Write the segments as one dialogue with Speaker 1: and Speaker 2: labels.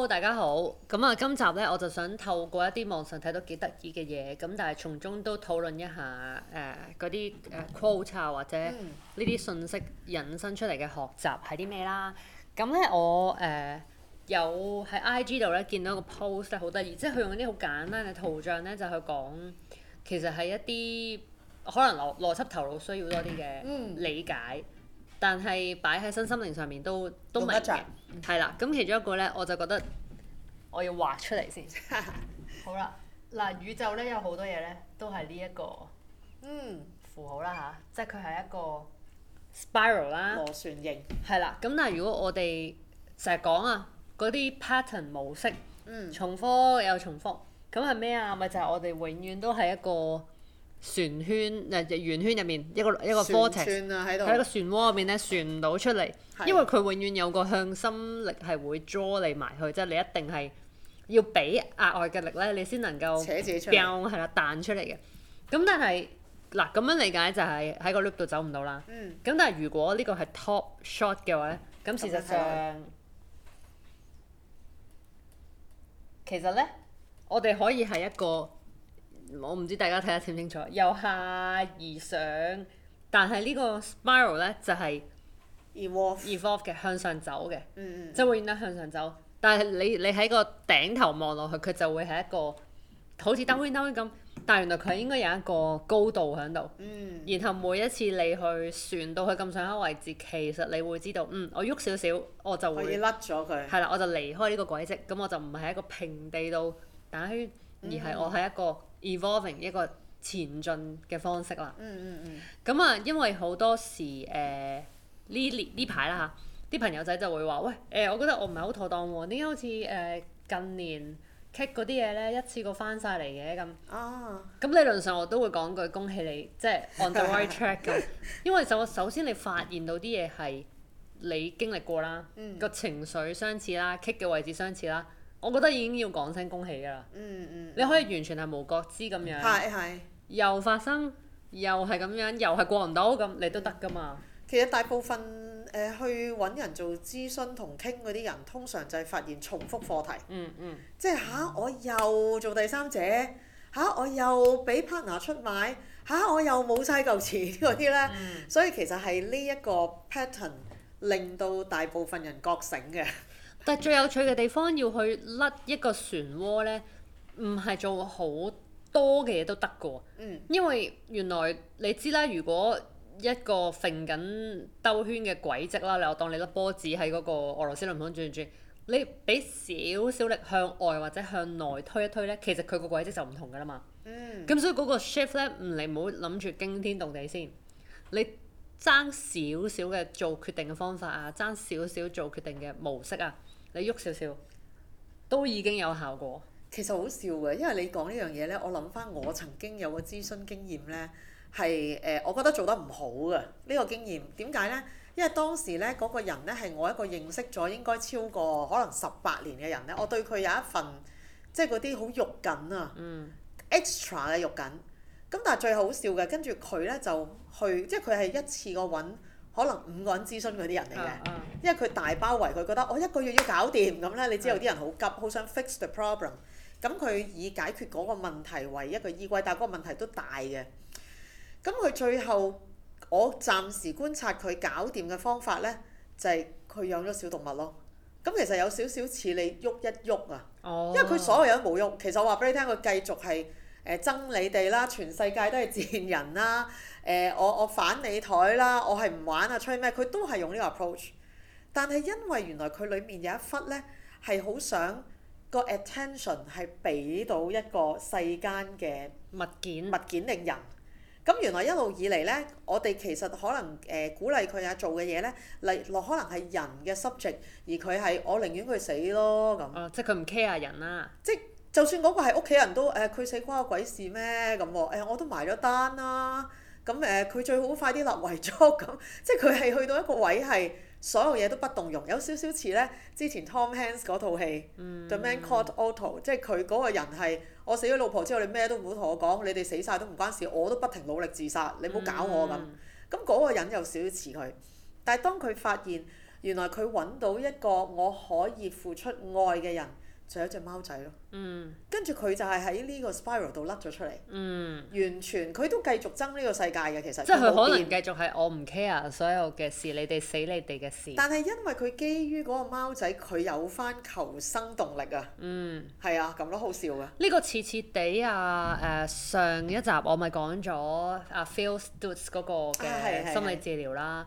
Speaker 1: 好，大家好。咁啊，今集咧，我就想透過一啲網上睇到幾得意嘅嘢，咁但係從中都討論一下誒嗰啲誒 quote 啊，呃、或者呢啲信息引申出嚟嘅學習係啲咩啦。咁咧、嗯，我誒、呃、有喺 IG 度咧見到個 post 咧好得意，即係佢用一啲好簡單嘅圖像咧就去講，其實係一啲可能邏邏輯頭腦需要多啲嘅理解。嗯但係擺喺新心靈上面都都唔一樣，係啦、嗯。咁其中一個咧，我就覺得我要畫出嚟先。 好啦，嗱，宇宙咧有好多嘢咧，都係呢一個嗯符號啦吓、嗯啊，即係佢係一個 spiral 啦，螺旋形。係啦了，咁但係如果我哋成日講啊，嗰啲 pattern 模式、嗯、重複又重複，咁係咩啊？咪就係我哋永遠都係一個。旋圈，誒、呃，圓圈入面一個一個 vortex 喺、啊、個旋渦入面咧旋唔到出嚟，的因為佢永遠有個向心力係會 draw 你埋去，即係你一定係要俾額外嘅力咧，你先能夠扯自己出嚟，係啦彈出嚟嘅。咁、嗯、但係嗱咁樣理解就係喺個 loop 度走唔到啦。嗯。咁但係如果呢個係 top shot 嘅話咧，咁事實上、嗯、其實咧，我哋可以係一個。我唔知大家睇得清唔清楚，由下而上，但係呢個 spiral 咧就係、是、Evolve. evolve 嘅向上走嘅，嗯嗯就會一直向上走。但係你你喺個頂頭望落去，佢就會係一個好似兜圈兜圈咁。但係原來佢應該有一個高度喺度，嗯、然後每一次你去旋到去咁上下位置，其實你會知道，嗯，我喐少少，我就會甩
Speaker 2: 咗佢。係啦，
Speaker 1: 我就離開呢個軌跡，咁我就唔係一個平地度打圈，而係我喺一個。嗯 evolving 一個前進嘅方式啦、嗯。嗯嗯嗯。咁啊，因為好多時誒呢年呢排啦嚇，啲朋友仔就會話：喂誒、欸，我覺得我唔係好妥當喎。點解好似誒、呃、近年 kick 嗰啲嘢咧，一次過翻晒嚟嘅咁？哦。咁理論上我都會講句恭喜你，即係 on the right track 嘅。 因為就首先你發現到啲嘢係你經歷過啦，個、嗯、情緒相似啦，kick 嘅位置相似啦。我覺得已經要講聲恭喜㗎啦！嗯嗯、你可以完全係無覺知咁樣，嗯嗯、又發生，又係咁樣，又係過唔到咁，
Speaker 2: 你都得㗎嘛。其實大部分誒、呃、去揾人做諮詢同傾嗰啲人，通常就係發現重複課題。嗯嗯。嗯即係嚇、啊、我又做第三者，嚇、啊、我又俾 partner 出賣，嚇、啊、我又冇晒嚿錢嗰啲呢。嗯、所以其實係呢一個 pattern 令到大部分人覺醒嘅。
Speaker 1: 但最有趣嘅地方，要去甩一個旋渦呢，唔係做好多嘅嘢都得嘅。嗯。因為原來你知啦，如果一個揈緊兜圈嘅軌跡啦，你我當你粒波子喺嗰個俄羅斯輪盤轉轉，你俾少少力向外或者向內推一推呢，其實佢個軌跡就唔同㗎啦嘛。嗯。咁所以嗰個 shift 呢，你唔好諗住驚天動地先，你爭少少嘅做決定嘅方法啊，爭少少做決定嘅模式啊。
Speaker 2: 你喐少少，都已經有效果。其實好笑嘅，因為你講呢樣嘢呢，我諗翻我曾經有個諮詢經驗呢，係誒、嗯呃，我覺得做得唔好嘅呢、呢個經驗。點解呢？因為當時呢，嗰個人呢，係我一個認識咗應該超過可能十八年嘅人呢，嗯、我對佢有一份即係嗰啲好肉緊啊、嗯、extra 嘅肉緊。咁但係最好笑嘅，跟住佢呢，就去，即係佢係一次過揾。可能五個人諮詢嗰啲人嚟嘅，uh, uh, 因為佢大包圍，佢覺得我、uh, 一個月要搞掂咁咧，uh, 你知道啲人好急，好、uh, 想 fix the problem。咁佢以解決嗰個問題為一個依歸，但係嗰個問題都大嘅。咁佢最後，我暫時觀察佢搞掂嘅方法呢，就係、是、佢養咗小動物咯。咁其實有少少似你喐一喐啊，uh, 因為佢所有嘢冇喐。其實我話俾你聽，佢繼續係。誒憎、呃、你哋啦！全世界都係賤人啦！誒、呃、我我反你枱啦！我係唔玩啊！吹咩？佢都係用呢個 approach，但係因為原來佢裡面有一忽咧係好想個 attention 係俾到一個世間嘅物件物件令人，咁原來一路以嚟咧，我哋其實可能誒、呃、鼓勵佢啊做嘅嘢咧，嚟落可能係人嘅 subject，而佢係我寧願佢死咯咁。哦、呃，即係佢唔 care 人啦。即就算嗰個係屋企人都誒佢、欸、死關我鬼事咩咁喎？誒我都埋咗單啦，咁誒佢最好快啲立遺囑。咁，即係佢係去到一個位係所有嘢都不動容，有少少似咧之前 Tom Hanks 嗰套戲《mm hmm. The Man Called Otto》即係佢嗰個人係我死咗老婆之後你咩都唔好同我講，你哋死晒都唔關事，我都不停努力自殺，你唔好搞我咁。咁嗰、mm hmm. 個人有少少似佢，但係當佢發現原來佢揾到一個我可以付出愛嘅人。就一隻貓仔咯，跟住佢就係喺呢個 spiral 度甩咗出嚟，嗯、完全佢都繼續憎呢個世界嘅其實即。即係佢可能
Speaker 1: 繼續係我唔 care 所有嘅事，你哋死你哋嘅事。但係
Speaker 2: 因為佢基於嗰個貓仔，佢有翻求生動力啊。嗯。係啊，咁咯，好笑啊。
Speaker 1: 呢個次次地啊，誒上一集我咪講咗
Speaker 2: 阿、啊、Phil Stutz 嗰個嘅心理
Speaker 1: 治療啦。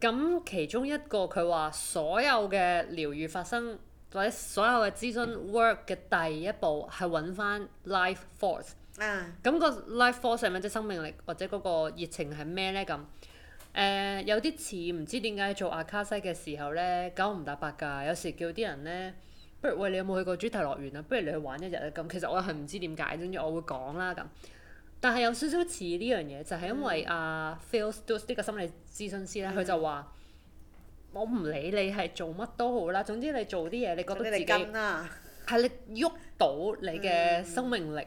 Speaker 1: 咁、啊、其中一個佢話，所有嘅療愈發生，或者所有嘅諮詢 work 嘅第一步係揾翻 life force，咁、啊、個 life force 係咪即生命力或者嗰個熱情係咩呢？咁誒、呃、有啲似唔知點解做阿卡西嘅時候呢，九唔搭八㗎。有時叫啲人呢，不如喂，你有冇去過主題樂園啊？不如你去玩一日啊！咁其實我係唔知點解，跟住我會講啦咁。但係有少少似呢樣嘢，就係、是、因為阿、啊嗯、Phil Stokes 呢個心理諮詢師呢，佢、嗯、就話。我唔理你係做乜都好啦，總之你做啲嘢，你覺得自己係你喐到你嘅生命力，嗯、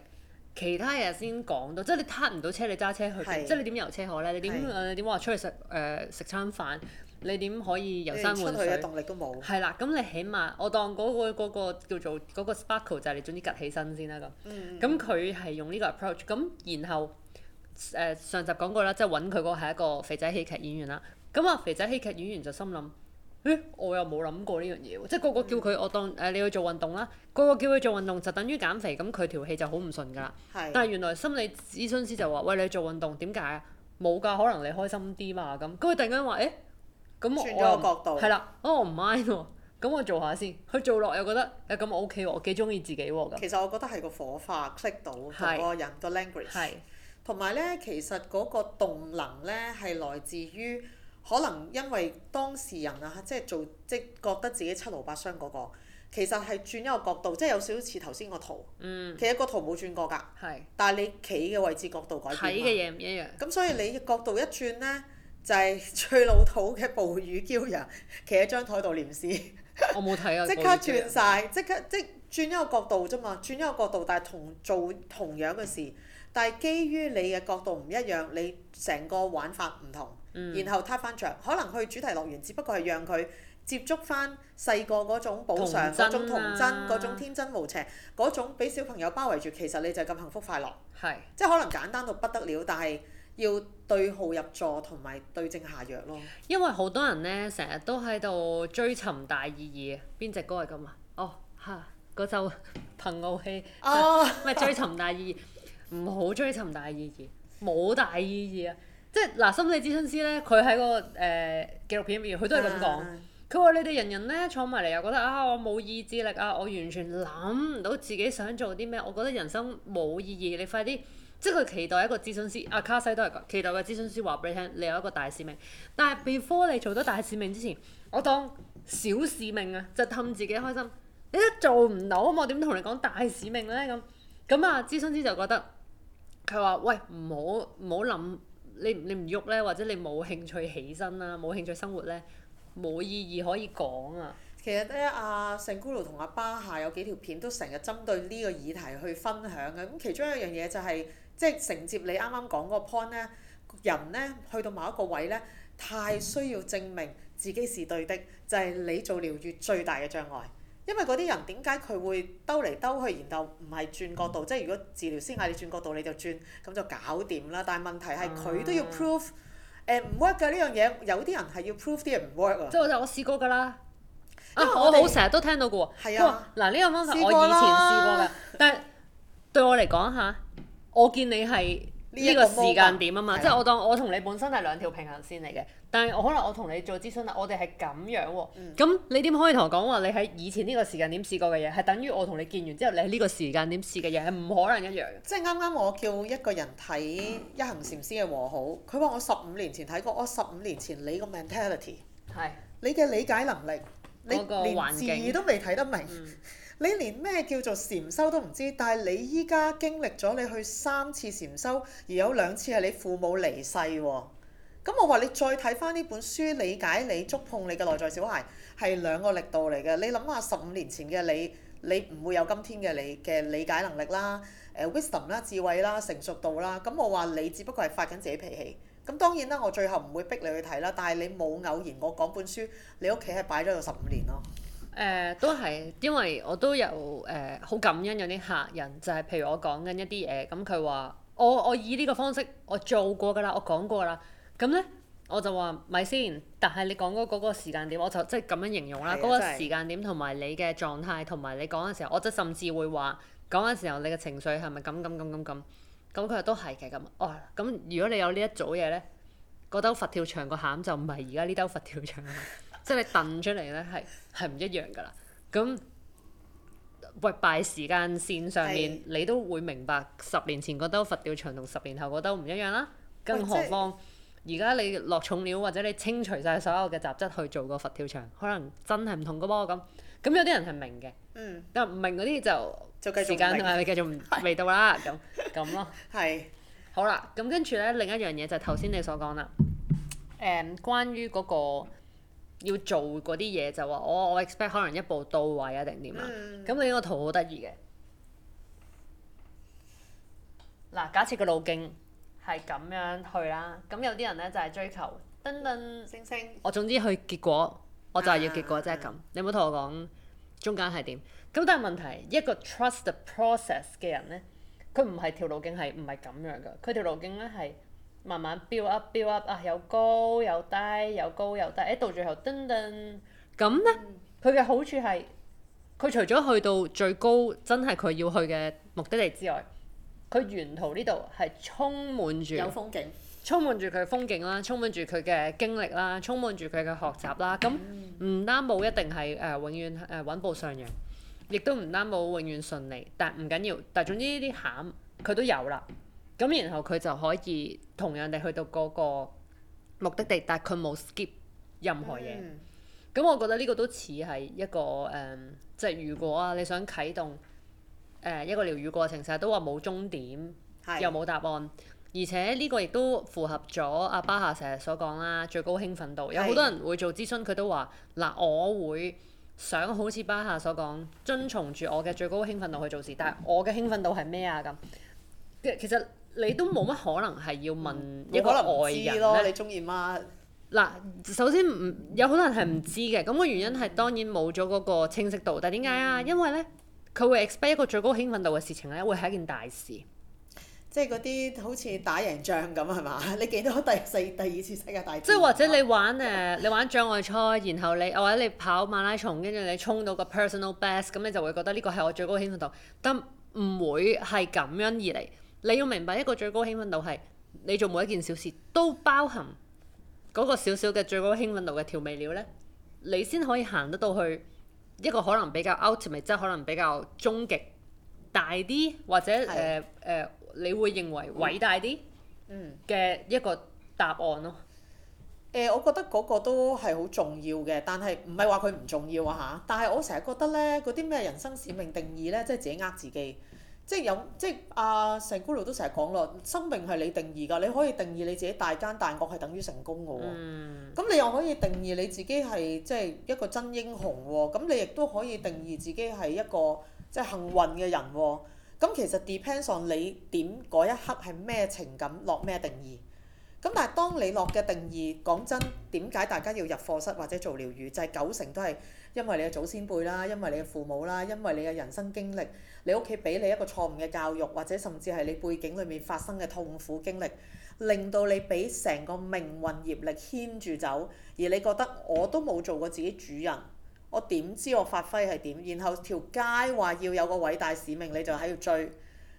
Speaker 1: 其他嘢先講到，嗯、即係你撻唔到車，你揸車去，是的 即係你點遊車河咧？你點誒點話出去食誒食餐飯？你點可以遊山玩水？你出去動力都冇。係啦，咁你起碼我當嗰、嗰個嗰個嗰個叫做嗰、嗰個 sparkle 就係你總之趌起身先啦咁。咁佢係用呢個 approach，咁然後誒、呃、上集講過啦，即係揾佢嗰個係一個肥仔戲劇演員啦。咁啊！肥仔戲劇演員就心諗：誒，我又冇諗過呢樣嘢，即係個，個個叫佢我當誒、嗯啊、你去做運動啦。個個叫佢做運動就等於減肥，咁佢條氣就好唔順噶。係是。但係原來心理諮詢師就話：喂，你做運動點解啊？冇㗎，可能你開心啲嘛。咁佢突然間話：誒、欸，咁我轉咗個角度係啦，哦唔 mind 喎、啊，咁我做下先。佢做
Speaker 2: 落又覺得誒，咁、啊 OK, 我 O K
Speaker 1: 喎，我幾中意自己喎。其
Speaker 2: 實我覺得係個火花識到同個人個 language 係，同埋咧，其實嗰個動能咧係來自於。可能因為當事人啊，即係做即覺得自己七勞八傷嗰、那個，其實係轉一個角度，即係有少少似頭先個圖。嗯。其實個圖冇轉過㗎。係是。但係你企嘅位置角度改變。睇嘅嘢唔一樣。咁所以你嘅角度一轉呢，就係、是、最老土嘅暴雨驕陽，企喺張台度念詩。 我冇睇啊。即刻轉晒，即刻即轉一個角度啫嘛，轉一個角度，但係同做同樣嘅事，但係基於你嘅角度唔一樣，你成個玩法唔同。嗯、然後撻翻著，可能去主題樂園，只不過係讓佢接觸翻細個嗰種補償，嗰、啊、種童真，嗰種天真無邪，嗰種俾小朋友包圍住，其實你就係咁幸福快樂。係是，即係可能簡單到不得了，但係要對號入座同埋對症下藥咯。
Speaker 1: 因為好多人呢，成日都喺度追尋大意義，邊隻歌係咁啊？哦，嚇，嗰首憑傲氣。哦，咪追尋大意義，唔好 追尋大意義，冇大意義啊！即係嗱，心理諮詢師咧，佢喺嗰個誒、呃、紀錄片入面，佢都係咁講。佢話：你哋人人咧坐埋嚟又覺得啊，我冇意志力啊，我完全諗唔到自己想做啲咩，我覺得人生冇意義。你快啲，即係佢期待一個諮詢師。阿、啊、卡西都係期待個諮詢師話俾你聽，你有一個大使命。但係 before 你做到大使命之前，我當小使命啊，就氹自己開心。你都做唔到啊嘛，我點同你講大使命咧？咁咁啊，諮詢師就覺得佢話：喂，唔好唔好諗。你你唔喐呢，或者你冇興
Speaker 2: 趣起身啦、啊，冇興趣生活呢，冇意義可以講啊！其實呢，啊、阿聖姑佬同阿巴夏有幾條片都成日針對呢個議題去分享嘅。咁其中一樣嘢就係、是，即、就、係、是、承接你啱啱講嗰個 point 呢，人呢去到某一個位呢，太需要證明自己是對的，就係、是、你做療愈最大嘅障礙。因為嗰啲人點解佢會兜嚟兜去，然後唔係轉角度？嗯、即係如果治療師嗌你轉角度，你就轉，咁就搞掂啦。但係問題係佢都要 prove，誒唔 work 㗎呢樣嘢。有啲人係要 prove 啲嘢唔 work 啊。即係我就我試過㗎啦。啊，我，我好成日都聽到嘅喎。係說啊，嗱呢、呢個方法我以前試過㗎，過但係
Speaker 1: 對我嚟講嚇，我見你係。 呢個時間點啊嘛，嗯、即係我當我同你本身係兩條平行線嚟嘅，但係我可能我同你做諮詢啦，我哋係咁樣喎、啊，咁、嗯、你點可以同我講話你喺以前呢個時間點試過嘅嘢，係等於我同你見完之後你喺呢個時間點試嘅嘢係唔可能一樣嘅。
Speaker 2: 即係啱啱我叫一個人睇一行禪師嘅和好，佢話、嗯、我十五年前睇過，我十五年前你個 mentality 係是，你嘅理解能力，你個環境，你連字都未睇得明。嗯 你連咩叫做禪修都唔知，但係你依家經歷咗你去三次禪修，而有兩次係你父母離世喎。咁我話你再睇返呢本書，理解你觸碰你嘅內在小孩係兩個力度嚟嘅。你諗下十五年前嘅你，你唔會有今天嘅你嘅理解能力啦，誒 wisdom 啦、Wis dom，智慧啦、成熟度啦。咁我話你只不過係發緊自己脾氣。咁當然啦，我最後唔會逼你去睇啦。但係你冇偶然，我講本書，你屋企係擺咗有十五年咯。誒、呃、
Speaker 1: 都係，因為我都有誒好、呃、感恩有啲客人，就係、是、譬如我講緊一啲嘢，咁佢話我我以呢個方式我做過㗎啦，我講過啦，咁呢，我就話咪先，但係你講嗰嗰個時間點，我就即係咁樣形容啦。嗰個時間點同埋你嘅狀態同埋你講嘅時候，我即甚至會話講嘅時候你嘅情緒係咪咁咁咁咁咁，咁佢都係嘅咁。哦，咁如果你有呢一組嘢呢，嗰兜佛跳牆個餡就唔係而家呢兜佛跳牆。即係你燉出嚟咧，係係唔一樣噶啦。咁喂，擺時間線上面，是你都會明白十年前嗰兜佛跳牆同十年後嗰兜唔一樣啦。
Speaker 2: 更何況
Speaker 1: 而家、就是、你落重料或者你清除晒所有嘅雜質去做個佛跳牆，可能真係唔同噶噃咁。咁有啲人係明嘅，嗯，但唔明嗰啲就，就時間同埋你繼續唔未到啦。咁咁 咯，係 是好啦。咁跟住咧，另一樣嘢就頭先你所講啦。誒、嗯，關於嗰、嗰個。要做嗰啲嘢就話我我 expect 可能一步到位啊定點啊，咁、嗯、你呢個圖好得意嘅。嗱、嗯啊，假設個路徑係咁樣去啦，咁有啲人呢，就係、是、追求噔噔星星，我總之去結果，我就係要結果即係咁。你唔好同我講中間係點。咁、嗯、但係問題一個 trust the process 嘅人呢，佢唔係條路徑係唔係咁樣㗎，佢條路徑呢，係。慢慢 build up，build up 啊，又高又低，又高又低，誒、欸、到最後噔噔，咁呢，佢嘅好處係，佢除咗去到最高真係佢要去嘅目的地之外，佢沿途呢度係充滿住有風景，充滿住佢嘅風景啦，充滿住佢嘅經歷啦，充滿住佢嘅學習啦，咁唔擔保一定係誒、呃、永遠誒穩步上揚，亦都唔擔保永遠順利，但唔緊要，但總之呢啲餡佢都有啦。咁然後佢就可以同樣地去到嗰個目的地，但係佢冇 skip 任何嘢。咁、嗯嗯、我覺得呢個都似係一個誒、嗯，即係如果啊，你想啟動、呃、一個療愈過程，成日都話冇終點，又冇答案，是而且呢個亦都符合咗阿巴夏成日所講啦，最高興奮度。有好多人會做諮詢，佢都話：嗱，我會想好似巴夏所講，遵從住我嘅最高興奮度去做事。但係我嘅興奮度係咩啊？咁其實。你都冇乜可能係要問一個外人可能知咯，呢你中意嗎？嗱，首先唔有好多人係唔知嘅，咁、嗰個原因係當然冇咗嗰個清晰度。但係點解啊？嗯、因為咧，佢會 expect 一個最高興奮度嘅事情咧，會係一件大事。
Speaker 2: 即係嗰啲好似打贏仗咁係嘛？你記得第四第二次世界
Speaker 1: 大戰？即係或者你玩誒， uh, 你玩障礙賽，然後你或者你跑馬拉松，跟住你衝到個 personal best，咁你就會覺得呢個係我最高興奮度，但唔會係咁樣而嚟。你要明白一個最高興奮度係你做每一件小事都包含嗰個小小嘅最高興奮度嘅調味料呢，你先可以行得到去一個可能比較 ultimate，即係可能比較終極大啲，或者誒誒的、呃，你會認為偉大啲嘅、嗯嗯、一個答案咯、
Speaker 2: 呃。我覺得嗰個都係好重要嘅，但係唔係話佢唔重要啊嚇？但係我成日覺得呢，嗰啲咩人生使命定義呢，即、就、係、是、自己呃自己。即係有，即係阿成姑娘都成日講咯，生命係你定義㗎，你可以定義你自己大奸大惡係等於成功㗎喎。咁、嗯、你又可以定義你自己係即係一個真英雄喎。咁你亦都可以定義自己係一個即係、就是、幸運嘅人喎。咁其實 depends on 你點嗰一刻係咩情感落咩定義。咁但係當你落嘅定義，講真，點解大家要入課室或者做療愈？就係、是、九成都係。因為你嘅祖先輩啦，因為你嘅父母啦，因為你嘅人生經歷，你屋企俾你一個錯誤嘅教育，或者甚至係你背景裏面發生嘅痛苦經歷，令到你俾成個命運業力牽住走，而你覺得我都冇做過自己主人，我點知我發揮係點？然後條街話要有個偉大使命，你就喺度追。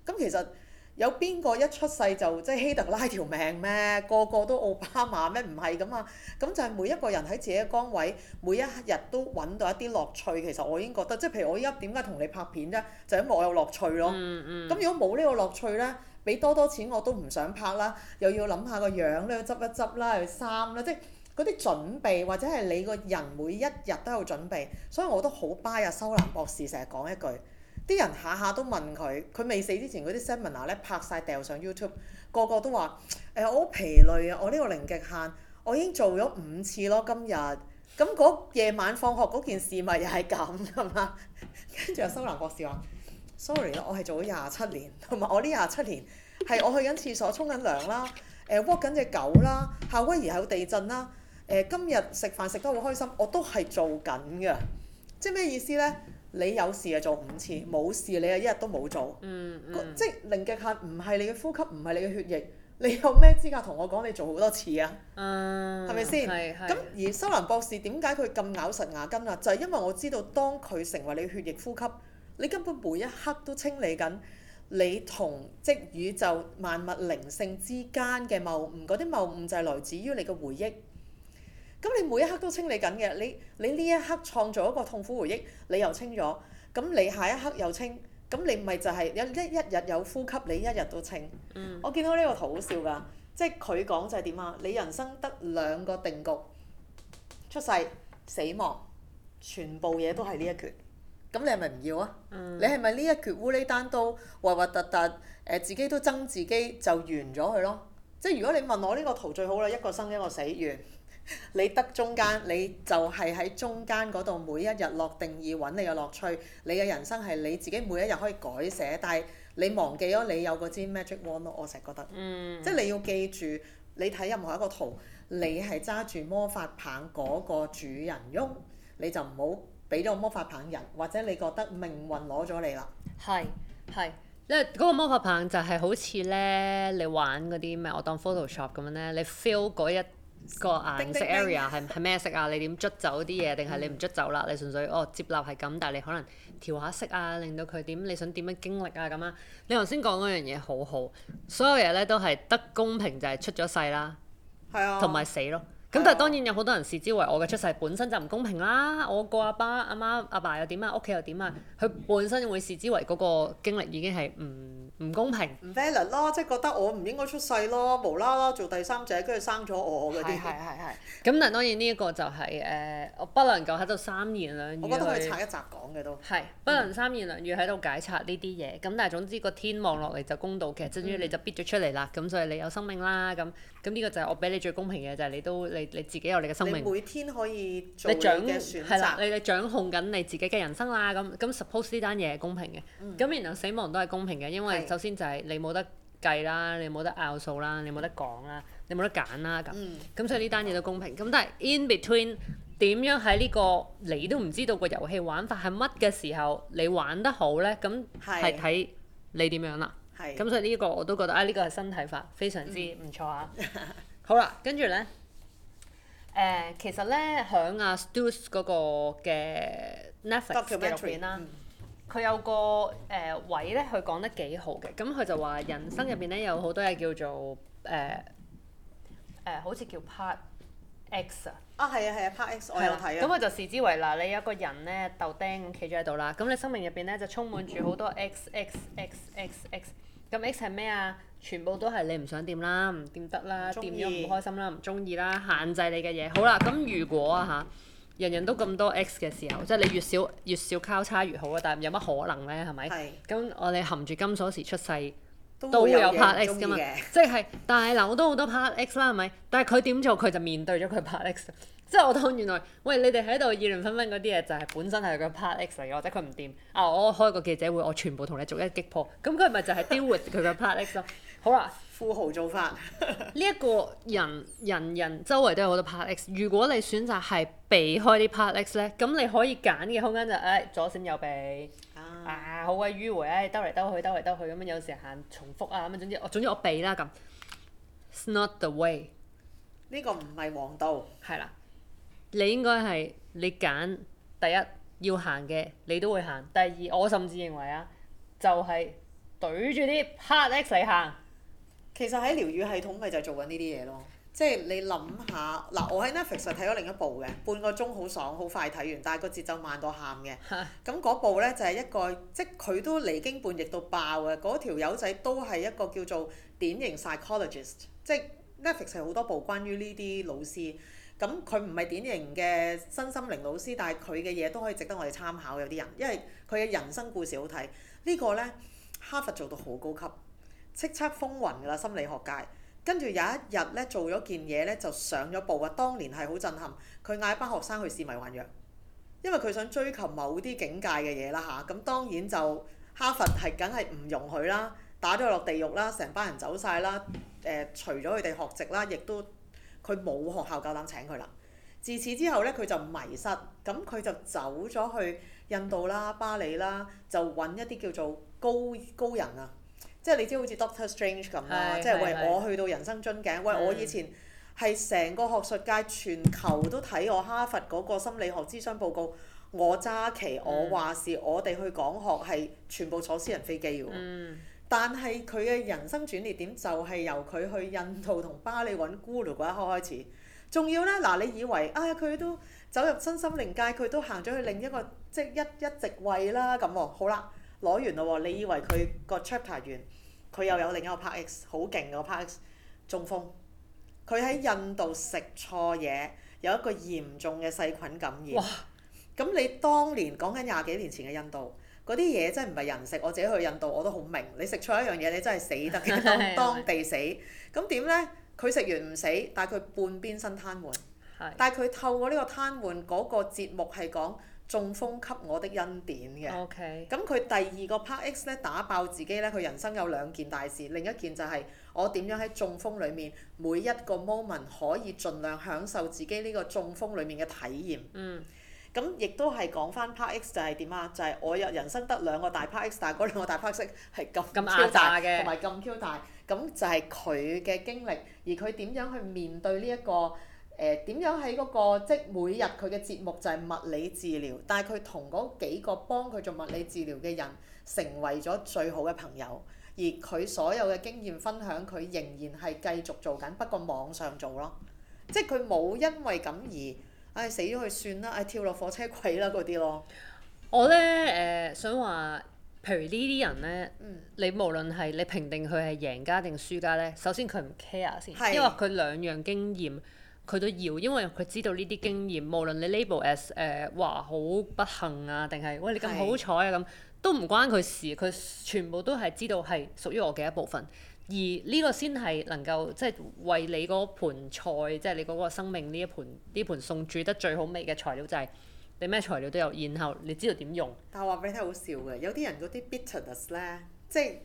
Speaker 2: 咁其實～有邊個一出世就即係希特拉條命咩？個個都奧巴馬咩？唔係噶嘛。咁就係每一個人喺自己嘅崗位，每一日都揾到一啲樂趣。其實我已經覺得，即係譬如我依家點解同你拍片呢？就因為我有樂趣咯。咁、嗯嗯、如果冇呢個樂趣呢，俾多多錢我都唔想拍啦。又要諗下個樣要執一執啦，又衫啦，即係嗰啲準備，或者係你個人每一日都有準備。所以我都好巴 y 啊，修男博士成日講一句。啲人下下都問佢，佢未死之前嗰啲 seminar 咧拍晒，掉上 YouTube，個個都話：誒、哎、我好疲累啊！我呢個零極限，我已經做咗五次咯，今日。咁嗰夜晚放學嗰件事咪又係咁係嘛？跟住修藍博士話：sorry 啦，我係做咗廿七年，同埋我呢廿七年係我去緊廁所沖緊涼啦，誒，握緊隻狗啦，夏威夷有地震啦，誒、呃、今日食飯食得好開心，我都係做緊嘅。即係咩意思咧？你有事啊做五次，冇事你啊一日都冇做，嗯嗯、即係靈極限唔係你嘅呼吸，唔係你嘅血液，你有咩資格同我講你做好多次啊？
Speaker 1: 係咪先？咁
Speaker 2: 而修藍博士點解佢咁咬實牙根啊？就係、是、因為我知道當佢成為你血液呼吸，你根本每一刻都清理緊你同即宇宙萬物靈性之間嘅謬誤，嗰啲謬誤就係來自於你嘅回憶。咁你每一刻都清理緊嘅，你你呢一刻創造一個痛苦回憶，你又清咗。咁你下一刻又清，咁你咪就係有一一日有呼吸，你一日都清。我見到呢個圖好笑㗎，即係佢講就係點啊？你人生得兩個定局，出世死亡，全部嘢都係呢一缺。咁你係咪唔要啊？你係咪呢一缺？烏哩單刀，核核突突，誒自己都憎自己就完咗佢咯。即係如果你問我呢個圖最好啦，一個生一個死，完。你得中間，你就係喺中間嗰度，每一日落定義揾你嘅樂趣。你嘅人生係你自己每一日可以改寫，但係你忘記咗你有嗰支 magic wand 咯。我成日覺得，嗯、即係你要記住，你睇任何一個圖，你係揸住魔法棒嗰個主人翁，你就唔好俾咗魔法棒人，或者你覺得命運攞咗你啦。係係，
Speaker 1: 因為嗰個魔法棒就係好似呢，你玩嗰啲咩我當 photoshop 咁樣呢，你 fill 嗰一個顏色 area 係係咩色啊？你點捽走啲嘢，定係你唔捽走啦？你純粹哦接納係咁，但係你可能調下色啊，令到佢點你想點樣經歷啊咁啊？你頭先講嗰樣嘢好好，所有嘢咧都係得公平就係出咗世啦，
Speaker 2: 係啊，同埋
Speaker 1: 死咯。咁但係當然有好多人視之為我嘅出世本身就唔公平啦！我個阿爸、阿媽、阿爸又點啊，屋企又點啊，佢本身會視之為嗰個經歷已經係唔唔公平。唔公
Speaker 2: 平咯，即係覺得我唔應該出世咯，無啦啦做第三者，跟住生咗我嗰啲。係係係。
Speaker 1: 咁但係當然呢一個就係誒，我不能夠喺度三言兩語。我覺得可以拆一集
Speaker 2: 講嘅都。
Speaker 1: 係，不能三言兩語喺度解拆呢啲嘢。咁但係總之個天望落嚟就公道，其實正於你就必咗出嚟啦。咁所以你有生命啦，咁咁呢個就係我俾你最公平嘅就係你都。你自己有你嘅生命。你每
Speaker 2: 天可以你，你掌係啦，你
Speaker 1: 你掌控緊你自己嘅人生啦。咁咁 suppose 呢單嘢係公平嘅。咁、嗯、然後死亡都係公平嘅，因為首先就係你冇得計啦，你冇得拗數啦，你冇得講啦，你冇得揀啦。咁咁、嗯、所以呢單嘢都公平。咁、嗯、但係 in between 點樣喺呢個你都唔知道個遊戲玩法係乜嘅時候，你玩得好咧？咁係睇你點樣啦。係、嗯。咁所以呢個我都覺得啊，呢、這個係新睇法，非常之唔錯、嗯、啊。 好啦，跟住咧。誒、呃，其實咧，響阿、啊、Stutz 嗰個嘅 Netflix 嘅入邊啦，佢、嗯、有個誒、呃、位咧，佢講得幾好嘅。咁佢就話人生入邊咧，有好多嘢叫做誒誒、呃呃，好似叫 Part X
Speaker 2: 啊。啊，係啊，係啊，Part X，我又睇啊。咁佢就
Speaker 1: 視之為嗱，你有一個人咧，豆丁咁企咗喺度啦。咁你生命入邊咧，就充滿住好多 X X X X X, X。咁 X 係咩啊？全部都係你唔想掂啦，唔掂得啦，掂咗唔開心啦，唔中意啦，限制你嘅嘢。好啦，咁如果嚇、啊嗯、人人都咁多 X 嘅時候，即係你越少越少交叉越好啊！但係有乜可能咧？係咪？係是。咁我哋含住金鎖匙出世，都會有拍 X 㗎嘛。 即係，但係嗱，我都好多拍 X 啦，係咪？但係佢點做，佢就面對咗佢拍 X。即係、so, 我當原來，喂，你哋喺度議論紛紛嗰啲嘢，就係本身係個 part x 嚟嘅，或者佢唔掂。啊，我開個記者會，我全部同你逐一擊破。咁佢咪就係 deal with 佢嘅 part x 咯。好啦，富豪做法。呢一個人，人人周圍都有好多 part x。如果你選擇係避開啲 part x 咧，咁你可以揀嘅空間就誒左閃右避，uh, ah, 好啊好鬼迂回，誒兜嚟兜去，兜嚟兜去咁樣，有時行重複啊，咁樣總之總之我避啦咁。It's not the way。
Speaker 2: 呢個唔係王道，
Speaker 1: 係啦。你應該係你揀第一要行嘅，你都會行。第二，我甚至認為啊，就係對住啲 Part X 嚟行。
Speaker 2: 其實喺療愈系統，咪就做緊呢啲嘢咯。即係你諗下，嗱，我喺 Netflix 睇咗另一部嘅，半個鐘好爽，好快睇完，但係個節奏慢到喊嘅。咁嗰、 嗯、部呢，就係、是、一個，即係佢都離經叛逆到爆嘅。嗰條友仔都係一個叫做典型 psychologist，即係 Netflix 係好多部關於呢啲老師。咁佢唔係典型嘅身心靈老師，但係佢嘅嘢都可以值得我哋參考。有啲人，因為佢嘅人生故事好睇。呢、呢個呢，哈佛做到好高級，叱咤風雲㗎啦心理學界。跟住有一日呢，做咗件嘢呢，就上咗報啊，當年係好震撼。佢嗌班學生去試迷幻藥，因為佢想追求某啲境界嘅嘢啦吓。咁、啊、當然就哈佛係梗係唔容許啦，打咗落地獄啦，成班人走晒啦。誒、呃，除咗佢哋學籍啦，亦都。佢冇學校夠膽請佢啦，自此之後咧，佢就迷失，咁佢就走咗去印度啦、巴黎啦，就揾一啲叫做高高人啊，即係你知好似 Doctor Strange 咁啦，即係喂，是我去到人生樽頸，是喂，是我以前係成個學術界全球都睇我哈佛嗰個心理學諮詢報告，我揸旗，我話事、嗯，我哋去講學係全部坐私人飛機㗎。嗯嗯。但係佢嘅人生轉捩點就係由佢去印度同巴里揾孤雛一刻開始，仲要呢，嗱、啊，你以為啊佢都走入身心靈界，佢都行咗去另一個即係一一席位啦咁喎，好啦攞完嘞喎、哦，你以為佢個 chapter 完，佢又有另一個 part X 好勁個 part X 中風，佢喺印度食錯嘢，有一個嚴重嘅細菌感染。哇！咁你當年講緊廿幾年前嘅印度。嗰啲嘢真係唔係人食，我自己去印度我都好明。你食錯一樣嘢，你真係死得當當地死。咁點 的呢？佢食完唔死，但係佢半邊身癱瘓。的但係佢透過呢個癱瘓嗰個節目係講中風給我的恩典嘅。O Okay K。咁佢、嗯、第二個 part X 咧打爆自己呢，佢人生有兩件大事，另一件就係我點樣喺中風裡面每一個 moment 可以盡量享受自己呢個中風裡面嘅體驗。嗯。咁亦都係講翻 part X 就係點啊？就係、是、我有人生得兩個大 part X，但係嗰兩個大 part X 係咁超大嘅，同埋咁超大。咁、嗯、就係佢嘅經歷，而佢點樣去面對呢、這、一個？誒、呃、點樣喺嗰、那個即、就是、每日佢嘅節目就係物理治療，但係佢同嗰幾個幫佢做物理治療嘅人成為咗最好嘅朋友。而佢所有嘅經驗分享，佢仍然係繼續做緊，不過網上做咯。即係佢冇因為咁而。唉、哎、死咗佢算啦，唉、哎、跳落火車軌啦嗰啲咯。我咧
Speaker 1: 誒、呃、想話，譬如呢啲人咧，嗯、你無論係你評定佢係贏家定輸家咧，首先佢唔 care 先，是因為佢兩樣經驗佢都要，因為佢知道呢啲經驗，無論你 label as 誒話好不幸啊，定係喂，你咁好彩啊咁，是都唔關佢事，佢全部都係知道係屬於我嘅一部分。而呢個先係能夠即係為你嗰盤菜，即係你嗰個生命呢一盤呢盤餸煮得最好味嘅材料就係你咩材料都有，然後你知道點用。
Speaker 2: 但係話俾你聽好笑嘅，有啲人嗰啲 bitterness 咧，即係、啊、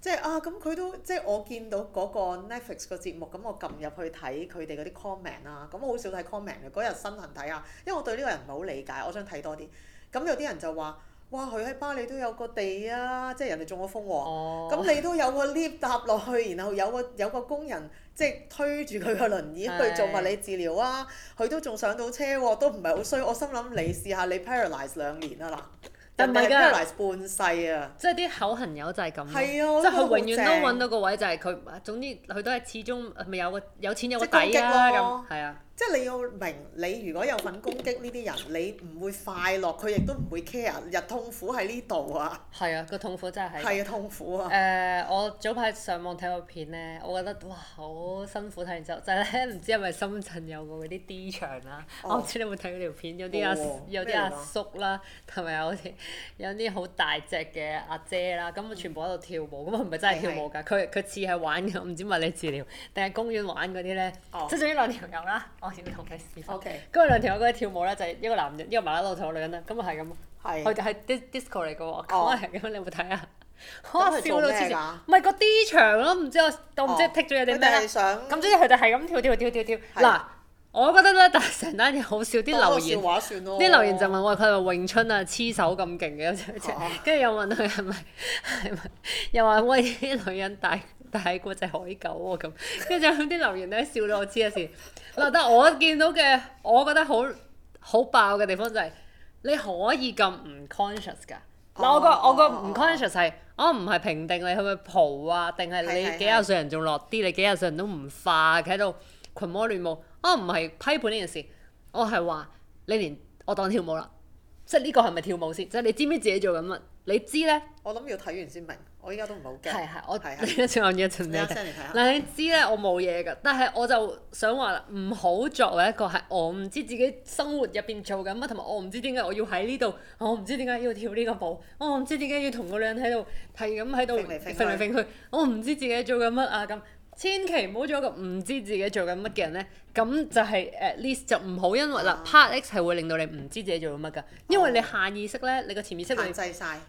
Speaker 2: 即係啊咁佢都即係我見到嗰個 Netflix 個節目咁，我撳入去睇佢哋嗰啲 comment 啊。咁我好少睇 comment 嘅，嗰日新聞睇啊，因為我對呢個人唔係好理解，我想睇多啲。咁有啲人就話。哇！佢喺巴黎都有個地啊，即係人哋中咗風喎。咁、哦、你都有個 lift 搭落去，然後有個有個工人即係、就是、推住佢個輪椅去做物理治療啊。佢的都仲上到車喎、啊，都唔係好衰。我心諗你試下你 paralyze 兩年啊嗱，但係 paralyze 半世啊。
Speaker 1: 即係啲口痕友就係咁。係啊，啊即係佢永遠都揾到個位就，就係佢總之佢都係始終咪有個有錢有個底啊咁係
Speaker 2: 啊。即係你要明，你如果有份攻擊呢啲人，你唔會快樂，佢亦都唔會 care，日痛苦喺呢度啊！
Speaker 1: 係啊，個痛苦真係係啊痛苦啊！誒、呃，我早排上網睇個片咧，我覺得哇好辛苦睇完之後，就係咧唔知係咪深圳有個嗰啲 D 場啦、啊？哦、我唔知你有冇睇嗰條片，有啲阿、哦、有啲阿，阿叔啦，同埋、啊、有啲有啲好大隻嘅阿姐啦，咁啊全部喺度跳舞，咁啊唔係真係跳舞㗎，佢佢是似係玩㗎，唔知物理治療定係公園玩嗰啲咧？哦！即係呢兩條友啦。哦哦同佢 O K。咁啊 Okay. 兩條友嗰啲跳舞咧，就係、是、一個男人，一個麻甩佬同個女人啦。咁啊係咁。係是。佢就係 disco 嚟嘅喎。咁、oh. 嗯、你有冇睇啊？好笑到黐線。唔係個 D 場咯，唔、啊、知我，知我唔知剔咗有啲咩咁即係佢哋係咁跳跳跳跳跳。嗱是，我覺得咧，但係成日咧好笑啲留言。話算咯。啲留言就問我佢話詠春啊黐手咁勁嘅，跟住、oh. 又問佢係咪係咪，又話喂，啲女人大。」大係嗰隻海狗喎、哦、咁，跟住喺啲留言度笑，我 我到我黐線。嗱，但我見到嘅，我覺得好好 爆嘅地方就係、是，你可以咁唔 conscious 㗎。嗱、哦，我個我個唔 conscious 係，哦、我唔係評定你去唔去蒲啊，定係你幾廿歲人仲落啲，你幾廿歲人都唔化，喺度群魔亂舞。我唔係批判呢件事，我係話你連我當跳舞啦，即係呢個係咪跳舞先？即、就、係、是、你知唔知自己做緊乜？你知咧？
Speaker 2: 我諗要睇完先明。我依家都唔好驚。係係，我的一
Speaker 1: 陣講嘢，一陣咩定？嗱，你知咧，我冇嘢㗎。但係我就想話啦，唔好作為一個係我唔知自己生活入邊做緊乜，同埋我唔知點解我要喺呢度，我唔知點解要跳呢個舞，我唔知點解要同個女人喺度，係咁喺度，揈嚟揈去，我唔知自己做緊乜啊咁。千祈唔好做一個唔知自己做緊乜嘅人咧，咁就係 at least 就唔好因為啦、oh. Part X 係會令到你唔知自己做緊乜噶，因為你下意識咧，你個潛意識會你，制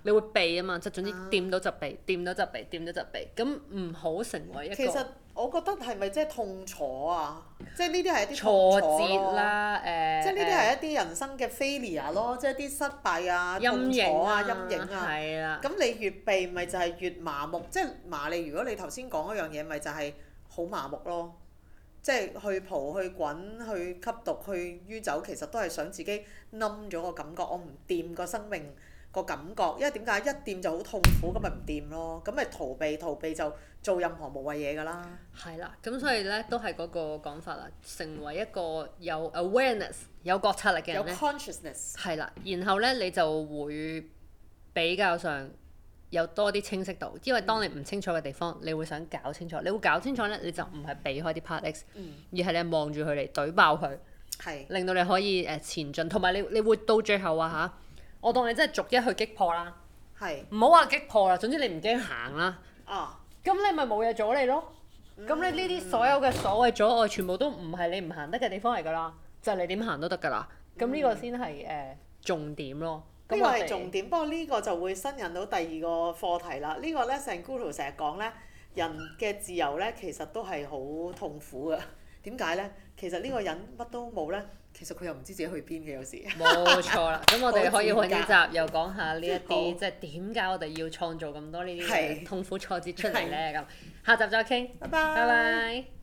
Speaker 1: 你會避啊嘛，就總之掂到就避，掂、oh. 到就避，掂到就避，咁唔好成
Speaker 2: 為一個。我覺得係咪即係痛楚啊？即係呢啲係一啲挫折啦，誒、
Speaker 1: 呃，即係呢啲係一
Speaker 2: 啲人生嘅 failure 咯，呃、即係啲失敗啊、痛楚啊、陰影啊。係啦。咁你越避，咪就係越麻木，即係麻利。如果你頭先講嗰樣嘢，咪就係好麻木咯。即係去蒲、去滾、去吸毒、去酗酒，其實都係想自己冧咗個感覺，我唔掂個生命，個感覺，因為點解一掂就好痛苦，咁咪唔掂咯？咁咪逃避，逃避就做任何無謂嘢噶啦。
Speaker 1: 係啦，咁所以咧都係嗰個講法啦。成為一個有 awareness、有覺察力嘅人，有 consciousness，係啦，然後咧你就會比較上有多啲清晰度。因為當你唔清楚嘅地方，嗯、你會想搞清楚。你會搞清楚咧，你就唔係避開啲 parties、嗯、而係你望住佢嚟懟爆佢，係令到你可以誒前進。同埋你你會到最後啊嚇！我當你真係逐一去擊破啦，唔好話擊破啦，總之你唔驚行啦。哦、啊，咁你咪冇嘢阻你咯。咁、嗯、你呢啲所有嘅所謂阻礙，嗯、全部都唔係你唔行得嘅地方嚟㗎啦。就係、你點行都得㗎啦。咁呢、嗯、個先係誒重點咯。呢個係重
Speaker 2: 點，不過呢個就會新引到第二個課題啦。這個、呢個咧，聖經圖成日講咧，人嘅自由咧，其實都係好痛苦㗎。點解咧？其實呢個人乜都冇咧。其實佢又唔知自己去邊嘅，有時。冇錯啦，咁我哋可以下一集
Speaker 1: 又講下呢一啲，好即係點解我哋要創造咁多呢啲痛苦挫折出嚟咧？咁，下集再傾，拜拜 bye。拜拜。